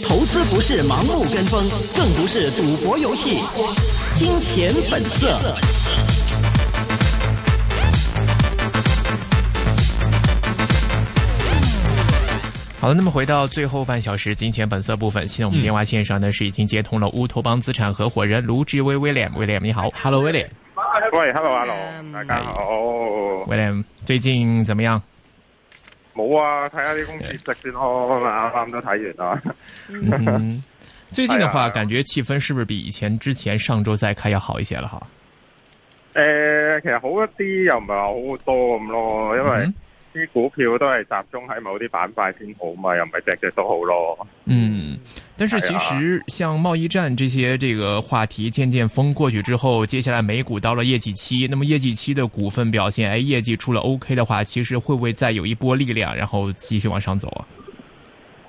投資不是盲目跟風，更不是賭博遊戲。金錢本色。嗯、好了，那麼回到最後半小時金錢本色部分，現在我們電話線上呢是已經接通了烏托邦資產合夥人盧志威 William，William William，你好，Hello William，喂，Hello，大家好，William 最近怎麼樣？冇啊，睇下啲公司食先好啱啱都睇完啦、嗯。最近嘅話、哎，感覺氣氛是不是比以前、之前上周再開要好一些了？哈？誒，其實好一啲又唔係好多咁咯，因為、嗯。啲股票都係集中喺某啲板塊先好嘛，又唔係隻隻都好咯。嗯，但是其實，像貿易戰這些這個話題漸漸風過去之後，接下來美股到了業績期，那麼業績期嘅股份表現，誒、哎，業績出了 OK 嘅話，其實會唔會再有一波力量，然後繼續往上走啊？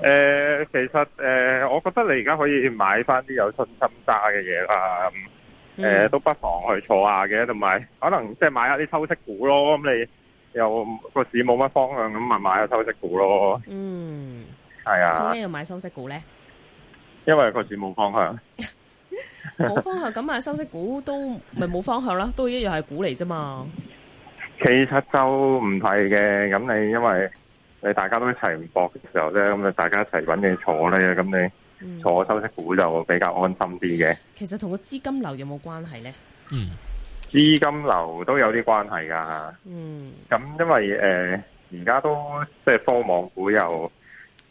誒、呃，其實誒、呃，我覺得你而家可以買翻啲有信心揸嘅嘢啦，誒、呃嗯，都不妨去坐下嘅，同埋可能即係買下啲收息股咯，咁你。有個市冇乜方向，咁咪買個收息股咯。嗯，係啊。點解要買收息股咧？因為個市冇方向，冇 方向咁啊，買收息股 都咪冇方向啦，都一樣係股嚟啫嘛。其實就唔係嘅，咁你因為你大家都一齊唔搏嘅時候咧，咁啊大家一齊揾嘢坐咧，咁你坐收息股就比較安心啲嘅、嗯。其實同個資金流有冇關係咧？嗯。資金流都有啲關係噶咁、嗯、因為誒而家，都即係科網股又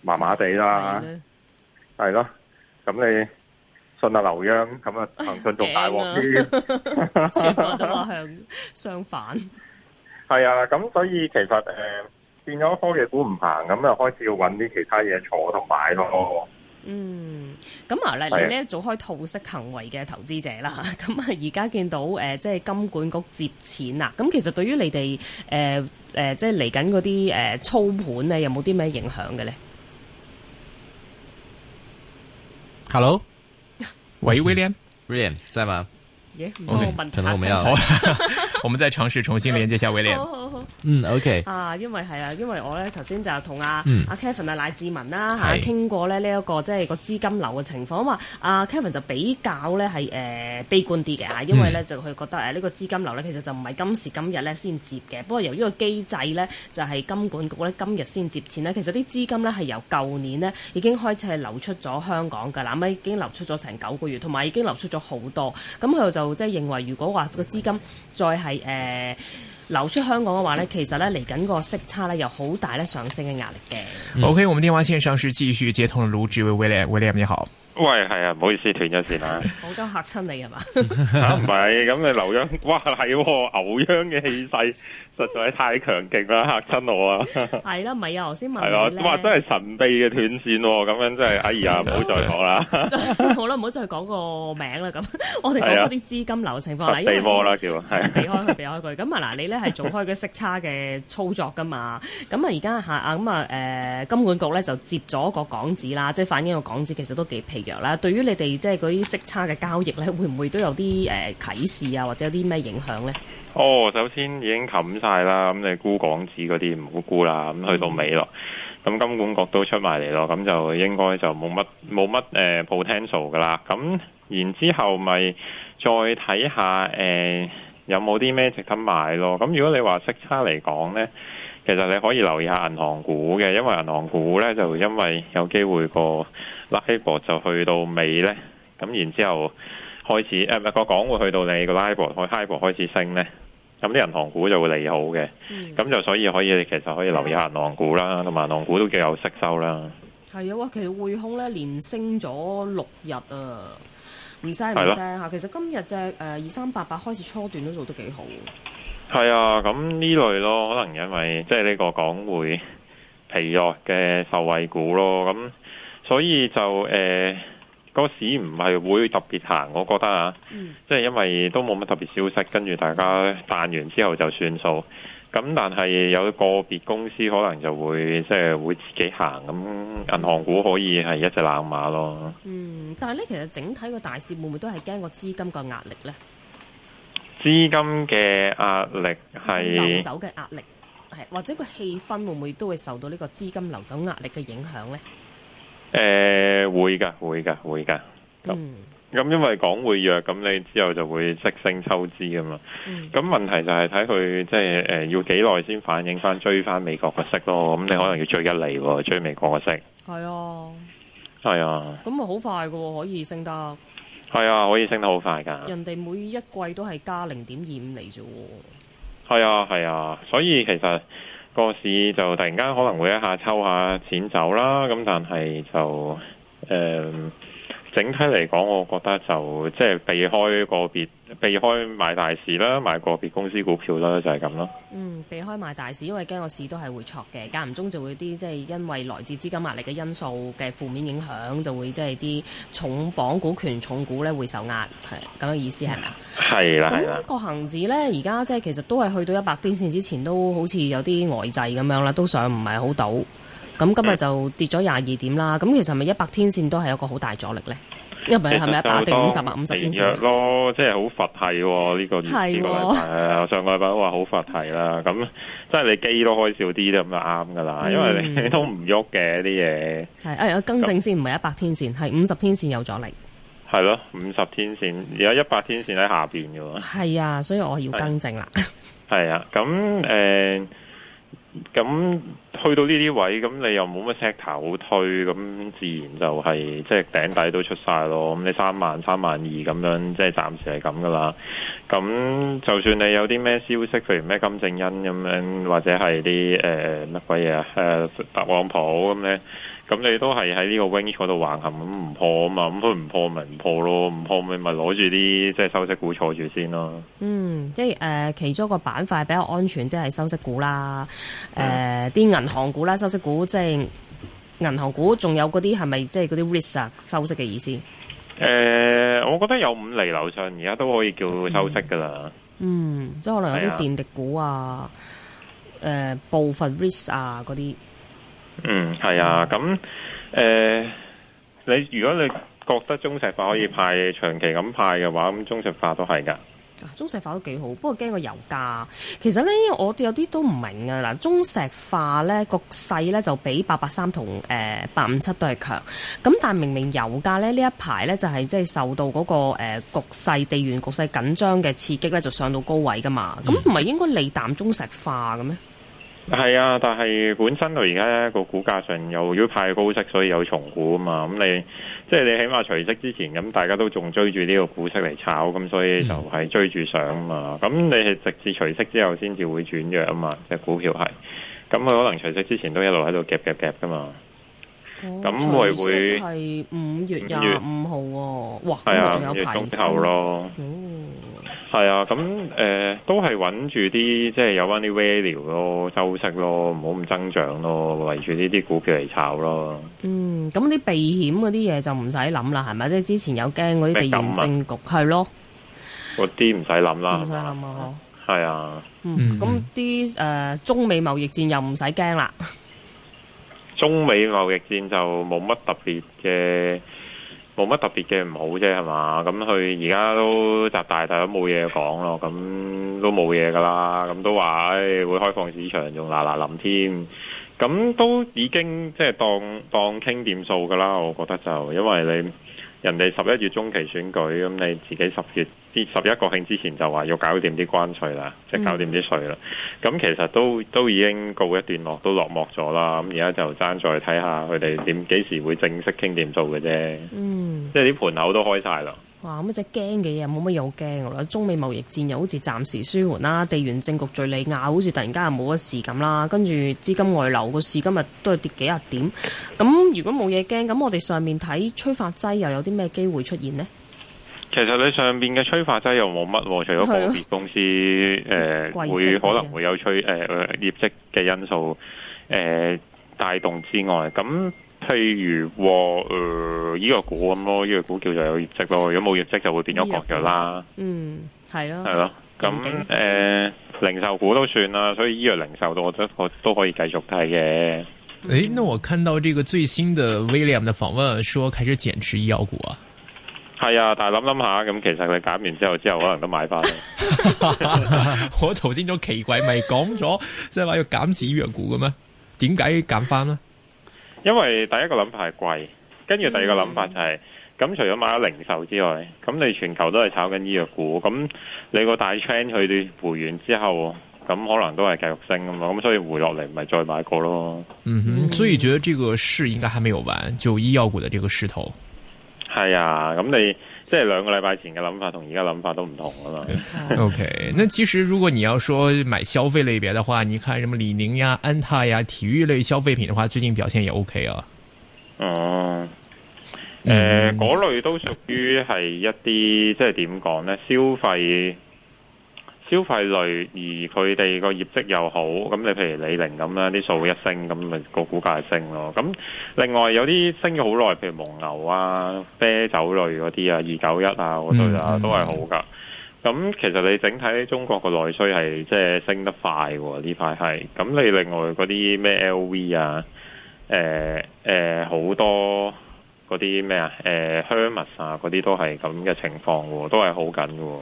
麻麻地啦，係咯，咁你信下劉央咁啊，騰訊仲大鑊啲， 相反。係 啊，咁所以其實誒、呃、變咗科技股唔行，咁就開始要搵啲其他嘢坐同買咯。嗯嗯，咁啊咧，你呢一組開收息行為嘅投資者啦，咁啊而家見到誒，即係金管局接錢啦，咁其實對於你哋誒誒，即係嚟緊嗰啲誒操盤咧，有冇啲咩影響嘅咧？Hello，喂，William，William 真係嘛？咦，唔通我問，問能沒我們再嘗試重新連接一下威廉。嗯、啊、，OK、啊啊。啊，因為係啊，因為我咧頭先就同阿阿 Kevin 啊、賴、嗯啊、志文啦嚇傾過咧呢一個即係個資金流嘅情況。啊阿 Kevin 就比較咧係誒悲觀啲嘅嚇，因為咧就佢覺得呢個資金流咧其實就唔係今時今日咧先接嘅。不過由於個機制咧就係、是、金管局咧今日先接錢咧，其實啲資金咧係由舊年呢已經開始係流出咗香港嘅，嗱咪已經流出咗成九個月，同埋已經流出咗好多。咁佢就即係認為如果話個資金再係誒、呃，流出香港嘅話咧，其實咧嚟緊個息差咧有好大咧上升嘅壓力嘅。OK，我們電話線上是繼續接通盧志威 William，William 你好。喂，係啊，唔好意思，斷咗線啊！我都嚇親你 啊嘛？唔係，咁你流央哇係、啊，牛央嘅氣勢實在太強勁啦，嚇親我 啊！係啦，唔係啊，我先問係咯，話真係神秘嘅斷線喎、啊，咁樣真係哎呀，唔 好再講說啦！好啦，唔好再講個名啦，咁我哋講啲資金流情況啦，避開啦，叫避開佢，避開佢。咁啊嗱、啊啊， 你咧係做開個息差嘅操作噶嘛？咁啊而家嚇啊咁啊誒，金管局咧就接咗個港紙啦，即、就、係、是、反映個港紙其,其實都幾疲。啦，對於你哋即係嗰啲息差嘅交易呢，會唔會都有啲誒、呃、啟示啊，或者有啲咩影響呢？哦，首先已經冚晒啦，咁你沽港紙嗰啲唔好沽啦，咁去到尾咯，咁金管局都出埋嚟咯，咁就應該就冇乜冇乜誒 potential 噶啦。咁然之後咪再睇下誒、呃、有冇啲咩值得買咯。咁如果你話息差嚟講呢。其實你可以留意下銀行股嘅，因為銀行股咧就因為有機會個拉博就去到尾咧，咁然之後開始誒個、呃、港股去到你個拉博開 high 博開始升咧，咁啲銀行股就會利好嘅，咁、嗯、就所以可以其實可以留意下銀行股啦，同埋銀行股都叫有息收啦。係啊，其實匯控咧連升咗六日啊，唔聲唔聲？吓，其實今日隻誒二三八八開始初段都做得幾好。係啊，咁呢類咯，可能因為即係呢個港匯疲弱嘅受惠股咯，咁所以就誒嗰、呃嗰個，市唔係會特別行，我覺得啊，嗯、即係因為都冇乜特別消息，跟住大家彈完之後就算數。咁但係有個別公司可能就會即係會自己行，咁銀行股可以係一隻冷馬咯。嗯，但係咧，其實整體個大市會唔會都係驚個資金個壓力咧？資金嘅壓力係流走嘅壓力，係或者個氣氛會唔會都會受到呢個資金流走壓力嘅影響咧？誒、呃、會嘅會嘅會嘅咁咁，因為港匯弱，咁你之後就會息升抽資啊嘛。咁、嗯、問題就係睇佢即係誒要幾耐先反映翻追翻美國個息咯。咁你可能要追一嚟追美國個息。係啊，係啊。咁咪，好快嘅可以升得。係啊，可以升得好快噶。人哋每一季都係加零點二五嚟啫。係啊，係啊，啊，所以其實個市就突然間可能會一下抽一下錢走啦。咁但係就誒。嗯整體嚟講，我覺得就即係避開個別、避開買大市啦，買個別公司股票啦，就係咁咯。嗯，避開買大市，因為驚個市都係會挫嘅，間唔中就會啲即係因為來自資金壓力嘅因素嘅負面影響，就會即係啲重磅股、權重股咧會受壓，係咁嘅意思係咪啊？係啦，係啦。是這個恆指咧而家即係其實都係去到一百天線之前，都好似有啲呆滯咁樣啦，都想唔係好陡。咁今日就跌咗廿二點啦，咁其實咪一百天線都係一個好大阻力咧？一唔係係咪一百定五十啊？五十天線？係弱咯，即係好佛系喎。呢個月幾個禮拜，上個禮拜都話好佛系啦。咁即係你機都開少啲咧，咁就啱噶啦。因為你都唔喐嘅啲嘢。係誒，我更正先，唔係一百天線，係五十天線有阻力。係咯，五十天線而家一百天線喺下邊嘅。係啊，所以我要更正啦。係啊，咁誒。咁去到呢啲位，咁你又冇乜石頭推，咁自然就係即係頂底都出曬咯。咁你三萬、三萬二咁樣，即係暫時係咁噶啦。咁就算你有啲咩消息，譬如咩金正恩咁樣，或者係啲誒乜鬼嘢啊，誒特朗普咁咧。咁你都係喺呢個 wing 坐度橫行咁唔破啊嘛？咁佢唔破咪唔破咯，唔破咪咪攞住啲即係收息股坐住先咯。嗯，即係誒、呃，其中一個板塊比較安全，即係收息股啦，誒、嗯呃，啲、嗯、銀、嗯呃、行股啦，收息股即係銀行股，仲有嗰啲係咪即係嗰啲 risk 啊？收息嘅意思？誒、呃，我覺得有五厘樓上，而家都可以叫收息噶啦。嗯，即係可能有啲電力股啊，誒、啊呃，部分 risk 啊嗰啲。嗯，係啊，咁誒、呃，你如果你覺得中石化可以派長期咁派嘅話，咁中石化都係噶。中石化都幾好，不過驚個油價。其實咧，我哋有啲都唔明噶。嗱，中石化咧，局勢咧就比八八三同誒八五七都係強。咁但係明明油價咧呢一排咧就係即係受到嗰、那個誒、呃、局勢、地緣局勢緊張嘅刺激咧，就上到高位噶嘛。咁唔係應該利淡中石化咁咩？係啊，但係本身佢而家個股價上又要派高息，所以有重估啊嘛。咁你即係、就是、你起碼除息之前咁，那大家都仲追住呢個股息嚟炒，咁所以就係追住上啊嘛。咁你係直至除息之後先至會轉弱啊嘛，即、就、係、是、股票係。咁佢可能除息之前都一路喺度夾夾夾噶嘛。哦，那會會除息係、哦、五月廿五號喎，哇，仲、啊、有排咯。哦係啊，咁誒、呃、都係穩住啲，即係有翻啲 value 咯，收息咯，唔好咁增長咯，圍住呢啲股票嚟炒咯。嗯，咁啲避險嗰啲嘢就唔使諗啦，係咪？即係之前有驚嗰啲地緣政局，係、啊、咯。嗰啲唔使諗啦。唔使諗啊！係啊。嗯，咁啲誒中美貿易戰又唔使驚啦。 中美貿易戰就冇乜特別嘅。冇乜特別嘅唔好啫，係嘛？咁佢而家都集大大都冇嘢講咯，咁都冇嘢噶啦，咁都話、哎、會開放市場仲嗱嗱臨添，咁都已經即係當當傾掂數噶啦。我覺得就因為你人哋十一月中期選舉，咁你自己十月。十一國慶之前就話要搞掂啲關稅啦，即、嗯、係搞掂啲稅啦。咁其實都都已經告一段落，都落幕咗啦。咁而家就爭再睇下佢哋點幾時會正式傾掂做嘅啫。嗯，即係啲盤口都開晒咯。哇！乜即係驚嘅嘢？冇乜嘢好驚嘅啦。中美貿易戰又好似暫時舒緩啦，地緣政局敍利亞好似突然間又冇乜事咁啦。跟住資金外流個市今日都係跌幾十點。咁如果冇嘢驚，咁我哋上面睇催化劑又有啲咩機會出現呢？其實你上邊嘅催化劑又冇乜，除咗個別公司誒、呃、會可能會有催誒、呃、業績嘅因素誒帶、呃、動之外，咁譬如話誒呢個股咁咯，呢、這個股叫做有業績咯，如果冇業績就會變咗國藥啦。嗯，係咯，係咯。咁、嗯、誒、呃，零售股都算啦，所以醫藥零售我都我都可都可以繼續睇嘅。誒、嗯欸，那我看到這個最新的 William 的訪問說開始減持醫藥股啊。係啊，但係諗諗下，咁其實佢減完之後，之後可能都買翻。 我頭先都奇怪，咪講咗即係話要減少醫藥股嘅咩？點解減翻呢？因為第一個諗法係貴，跟住第二個諗法就係、是，咁、嗯、除咗買咗零售之外，咁你全球都係炒緊醫藥股，咁你個大 trend 去跌回完之後，咁可能都係繼續升噶嘛，咁所以回落嚟咪再買過咯。嗯哼，所以覺得這個市應該還沒有完，就醫藥股的這個勢頭。係啊，咁你即係兩個禮拜前嘅諗法，同而家諗法都唔同啊嘛。O、okay. K，、okay. 那其實如果你要說買消費類別嘅話，你看什麼李寧呀、安踏呀、體育類消費品嘅話，最近表現也 O、OK、K 啊。哦，誒、呃，嗰、嗯、類都屬於係一啲 即係點講呢？消費。消費類而佢哋個業績又好，咁你譬如李寧咁樣，啲數一升，咁、那、咪個股價升咯。咁另外有啲升咗好耐，譬如蒙牛啊、啤酒類嗰啲啊、二九一啊我對啊，嗯、都係好噶。咁、嗯、其實你整體中國個內需係即係升得快呢塊係。咁你另外嗰啲咩 LV 啊，誒誒好多嗰啲咩啊，誒、呃、Hermes 啊嗰啲都係咁嘅情況，都係好緊嘅。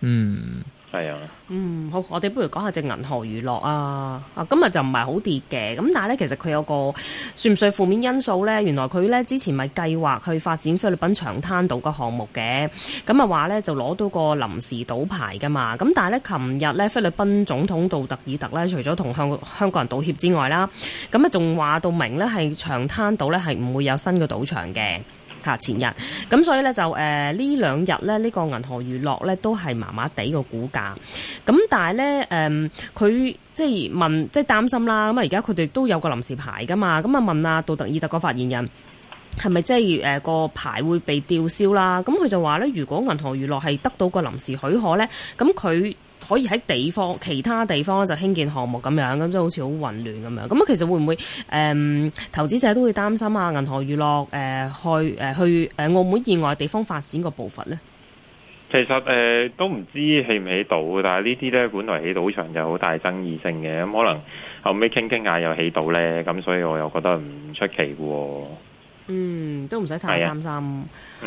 嗯。係、嗯、啊，嗯好，我哋不如講下隻銀河娛樂啊，啊今日就唔係好跌嘅，咁但係咧其實佢有個算唔算負面因素咧？原來佢咧之前咪計劃去發展菲律賓長灘島嘅項目嘅，咁啊話咧就攞到個臨時賭牌噶嘛，咁但係咧琴日咧菲律賓總統杜特爾特咧，除咗同香香港人道歉之外啦，咁啊仲話到明咧係長灘島咧係唔會有新嘅賭場嘅。下前日，咁所以咧就誒、呃、呢兩日咧呢個銀河娛樂咧都係麻麻地個股價，咁但係咧誒佢即係問即係擔心啦，咁啊而家佢哋都有個臨時牌噶嘛，咁啊問啊杜特爾特個發言人係咪即係誒個牌會被吊銷啦？咁佢就話咧如果銀河娛樂係得到個臨時許可咧，咁佢。可以喺地方其他地方就興建項目咁樣，咁就好似好混亂咁樣。咁啊，其實會唔會誒、嗯、投資者都會擔心啊？銀河娛樂誒、呃、去誒、呃、去誒澳門以外地方發展個步伐呢？其實誒、呃、都唔知起唔起到，但係呢啲呢，本來起賭場就好大爭議性嘅，咁、嗯、可能後尾傾傾下又起到呢，咁所以我又覺得唔出奇喎。嗯，都唔使太擔心，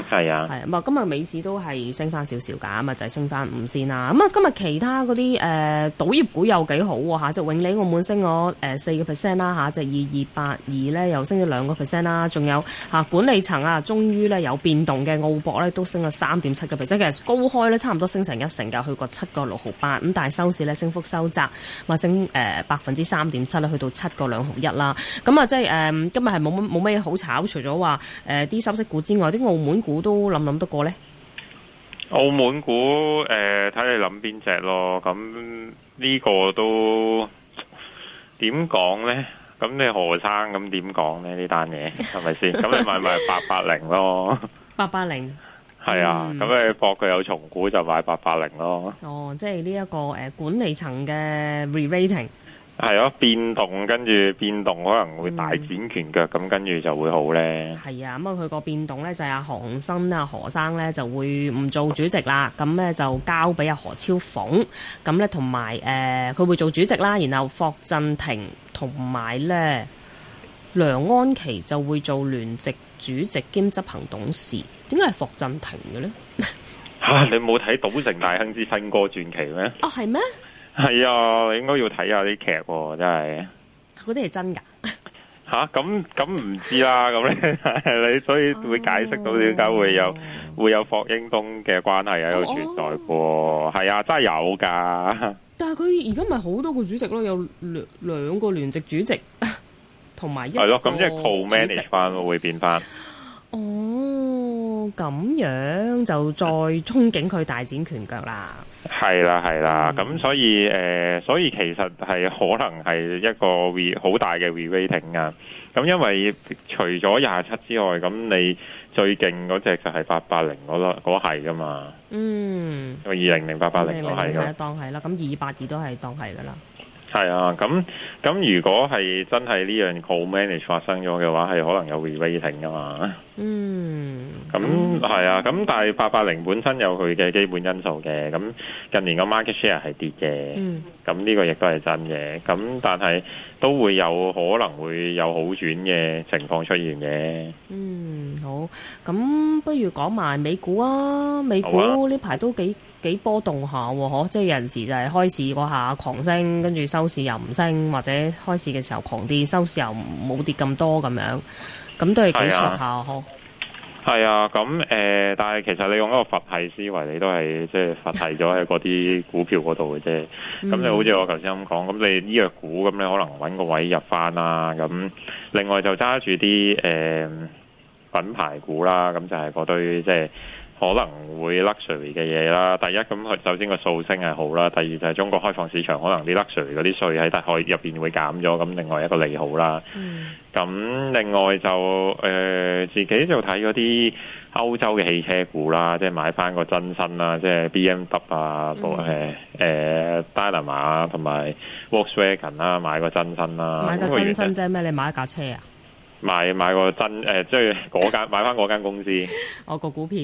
係啊，係啊，唔係今日美市都係升翻少少㗎，咁啊就係、是、升翻五先啦。咁啊今日其他嗰啲誒賭業股又幾好喎、啊、就永利澳門升咗誒四個 percent 啦嚇，即係二二八二咧又升咗兩個 percent 啦，仲有嚇、啊、管理層啊，終於咧有變動嘅澳博咧都升咗三點七個 percent，其實高開咧差唔多升成一成㗎，去過七個六毫八，咁但係收市咧升幅收窄，話升誒百分之三點七咧去到七個兩毫一啦。咁啊即係誒、呃、今日係冇冇咩好炒，除咗我話誒，啲收息股之外，啲澳門股都諗諗得過咧。澳門股誒，睇、呃、你諗邊隻咯。咁呢個都點講咧？咁你何生咁點講咧？呢單嘢係咪先？咁 你買埋八八零咯？八八零係啊，咁你博佢有重估就買八八零咯、嗯。哦，即係呢一個誒、呃、管理層嘅 re-rating。係啊，變動跟住變動，可能會大展拳腳咁，跟、嗯、住就會好呢。係啊，咁佢個變動呢，就係阿鴻燊啊何生呢，就會唔做主席啦，咁呢，就交俾阿何超鳳咁呢，同埋誒佢會做主席啦，然後霍震霆同埋呢梁安琪就會做聯席主席兼執行董事。點解係霍震霆嘅呢？吓、啊、 你冇睇《賭城大亨之新哥傳奇》咩？哦，係咩？係啊，應該要睇下啲劇，哦，真係嗰啲係真噶吓？咁咁唔知啦，咁 咧 你所以會解釋到點解會有、oh. 會有霍英東嘅關係喺度存在嘅？係、oh. 啊，真係有噶。但係佢而家咪好多個主席咯，有兩兩個聯席主席同埋一主席。係咯，咁即係 co-manage 翻咯，one 會變翻哦。Oh. 咁、哦、樣就再憧憬佢大展拳腳啦。係啦，係啦，咁、嗯、所以誒，所以其實係可能係一個好大嘅 re-rating 啊。咁因為除咗廿七之外，咁你最勁嗰隻就係八八零嗰個嗰係噶嘛。嗯，二零零八八零都係，當係啦。咁二八二都係當係噶啦。係啊，咁咁如果係真係呢樣 co manage 發生咗嘅話，係可能有 re-rating 噶嘛。嗯。咁係啊，咁但係八八零本身有佢嘅基本因素嘅，咁近年個 market share 係跌嘅。嗯。咁呢個亦都係真嘅，咁但係都會有可能會有好轉嘅情況出現嘅。嗯。咁不如講埋美股啊，美股呢排都幾、啊、幾波動下、啊，嗬，即係有陣時就係開市嗰下狂升，跟住收市又唔升，或者開市嘅時候狂跌，收市又冇跌咁多咁樣，咁都係幾錯下嗬。係啊，咁誒、啊啊呃，但係其實你用一個佛系思維，你都係即係佛系咗喺嗰啲股票嗰度嘅啫。咁 你好似我頭先咁講，咁你醫藥股咁你可能搵個位入返啦。咁另外就揸住啲誒。呃品牌股啦，咁就係嗰堆即係、就是、可能會 luxury 嘅嘢啦。第一咁，佢首先個數升係好啦。第二就係中國開放市場，可能啲 luxury 嗰啲稅喺大入面會減咗，咁另外一個利好啦。咁、嗯、另外就誒、呃、自己就睇嗰啲歐洲嘅汽車股啦，即、就、係、是、買翻個真身啦，即、就、係、是、B M W 啊，誒誒戴拿啊，同埋 Volkswagen 啦、啊，買個真身啦。買個真身即係咩？你買一架車啊？買買個真誒，即係嗰間買翻嗰間公司， 我個股票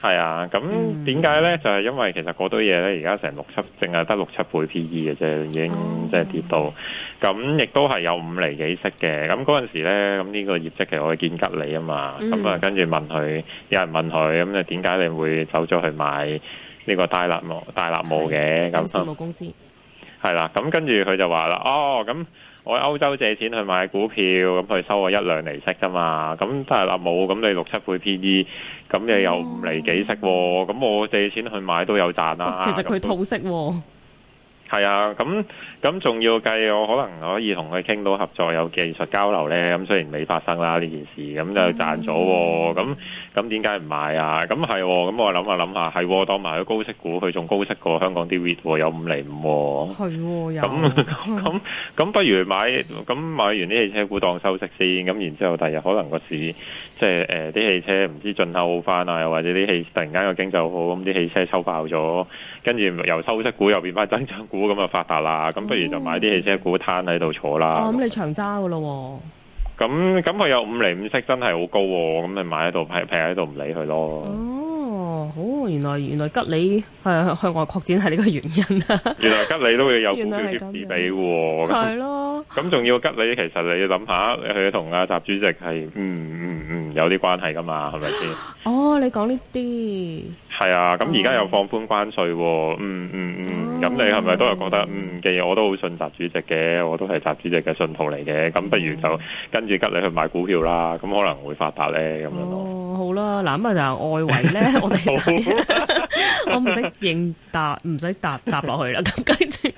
係啊。咁點解咧？就係、是、因為其實嗰堆嘢咧，而家成六七，淨係得六七倍 P E 嘅啫，已經即係跌到。咁亦都係有五厘幾息嘅。咁嗰陣時咧，咁呢個業績其實我係見吉利啊嘛。咁、嗯、啊，跟、嗯、住問佢，有人問佢咁就點解你會走咗去買呢個大納木嘅？納大嘅咁公司？係啦、啊，咁跟住佢就話啦，哦咁。我喺歐洲借錢去買股票，咁佢收我一兩利息啫嘛。咁但係啦冇，咁你六七倍 P/E，咁你又唔嚟幾息、啊？咁我借錢去買都有賺啦、啊哦。其實佢套息喎、啊。係啊，咁咁仲要計，我可能可以同佢傾到合作，有技術交流咧。咁雖然未發生啦呢件事，咁就賺咗。咁咁點解唔買啊？咁係，咁我諗下諗下，係當埋咗高息股，佢仲高息過香港啲 REIT，有五釐五。係，咁咁咁不如買，咁買完啲汽車股當收息先。咁然之後，第日可能個市即係誒啲汽車唔知進口好翻啊，又或者啲汽突然間個經濟好，咁啲汽車抽爆咗，跟住由收息股又變翻增長股。咁啊發達啦，咁不如就買啲汽車股、oh. 攤喺度坐啦。咁、oh, 你長揸噶咯喎？咁咁佢有五厘五息，真係好高喎、啊。咁你買喺度，平平喺度唔理佢咯。Oh. 哦，原來原來吉利係向外擴展係呢個原因啊！原來吉利、啊、 都會有股票跌跌喎，係咯。咁仲要吉利，其實你要諗下，佢同阿習主席係嗯嗯嗯，嗯有啲關係噶嘛，係咪先？哦，你講呢啲係啊，咁而家又放寬關稅、哦，嗯嗯嗯，咁、嗯、你係咪都係覺得嗯既然我都好信習主席嘅，我都係習主席嘅信徒嚟嘅。咁不如就跟住吉利去買股票啦，咁可能會發達咧，咁樣咯。哦好啦，嗱咁啊就外圍咧， 我哋 我唔使認答，唔使答答落去啦。咁繼續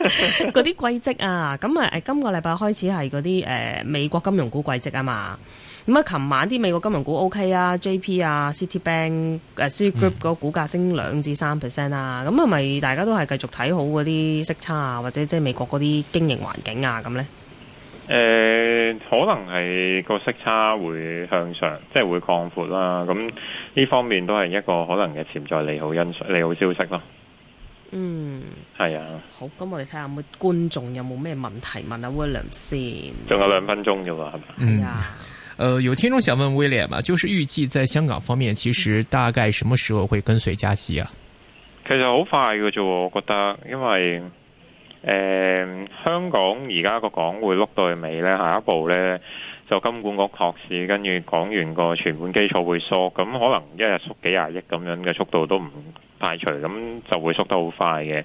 嗰啲季績啊，咁啊、就是，誒今個禮拜開始係嗰啲誒美國金融股季績啊嘛。咁啊，琴、就是、晚啲美國金融股 O、OK、K 啊，J P 啊，City Bank 誒、啊、C Group 嗰股價升兩至三 percent 啊。咁係咪大家都係繼續睇好嗰啲息差啊，或者即係美國嗰啲經營環境啊咁咧？誒、呃，可能係個息差會向上，即係會擴闊啦。咁呢方面都係一個可能嘅潛在利好因素、利好消息咯。嗯，係啊。好，咁我哋睇下有冇觀眾有冇咩問題問，問 william 先。仲有兩分鐘嘅嘛。嗯，誒、呃，有聽眾想問威廉嘛？就是預計在香港方面，其實大概什麼時候會跟隨加息啊？其實好快嘅啫，我覺得，因為。誒、嗯，香港而家個港匯碌到尾咧，下一步咧？就金管局確實跟住講完個存款基礎會縮，咁可能一日縮幾廿億咁樣嘅速度都唔排除，咁就會縮得好快嘅。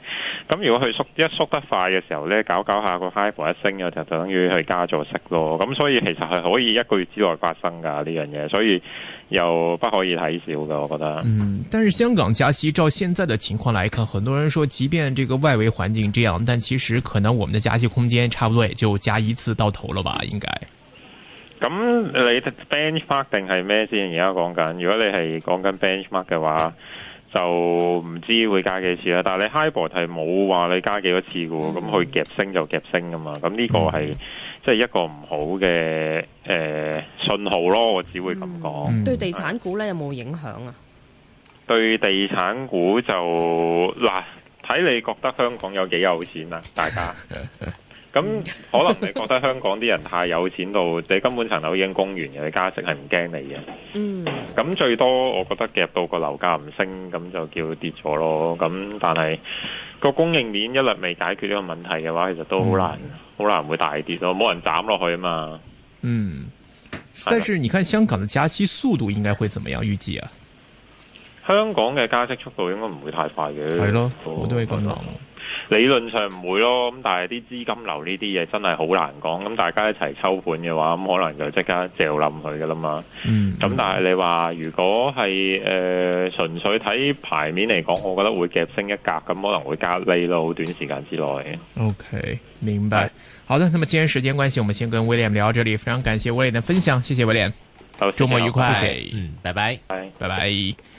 咁如果佢縮一縮得快嘅時候咧，搞搞下個 HIBOR 一升，就就等於去加咗息咯。咁所以其實係可以一個月之內發生㗎呢樣嘢，所以又不可以睇少㗎。我覺得。嗯，但是香港加息照現在的情況來看，很多人說，即便這個外圍環境這樣，但其實可能我們的加息空間差不多也就加一次到頭了吧？應該。咁你 benchmark 定係咩先？而家講緊，如果你係講緊 benchmark 嘅話，就唔知會加幾次啦。但係你 Hybrid 係冇話你加幾多次嘅，咁、嗯、佢夾升就夾升噶嘛。咁呢個係即係一個唔好嘅誒、呃、信號咯。我只會咁講、嗯。對地產股咧有冇影響啊？對地產股就嗱，睇你覺得香港有幾有錢啦、啊，大家。 咁 可能你覺得香港啲人太有錢到，你根本層樓已經供完嘅，你加息係唔驚你嘅。嗯。咁最多我覺得夾到個樓價唔升，咁就叫跌咗咯。咁但係個供應鏈一律未解決呢個問題嘅話，其實都好難，好、嗯、好難會大跌咯。冇人斬落去啊嘛。嗯。但係，你看香港嘅加息速度應該會怎麼樣預計啊？香港嘅加息速度應該唔會太快嘅。係 咯、哦，我都係咁理論上唔會咯，咁但係啲資金流呢啲嘢真係好難講，咁大家一齊抽盤嘅話，咁可能就即刻就冧佢噶啦嘛。咁、嗯、但係你話如果係誒純粹睇牌面嚟講，我覺得會夾升一格，咁可能會加到好短時間之內。OK，明白。好的，那麼今日時間關係，我們先跟 William 聊到這裡，非常感謝 William 的分享，謝謝 William。好，周末愉快，謝謝，拜、嗯、拜，拜拜。Bye. Bye bye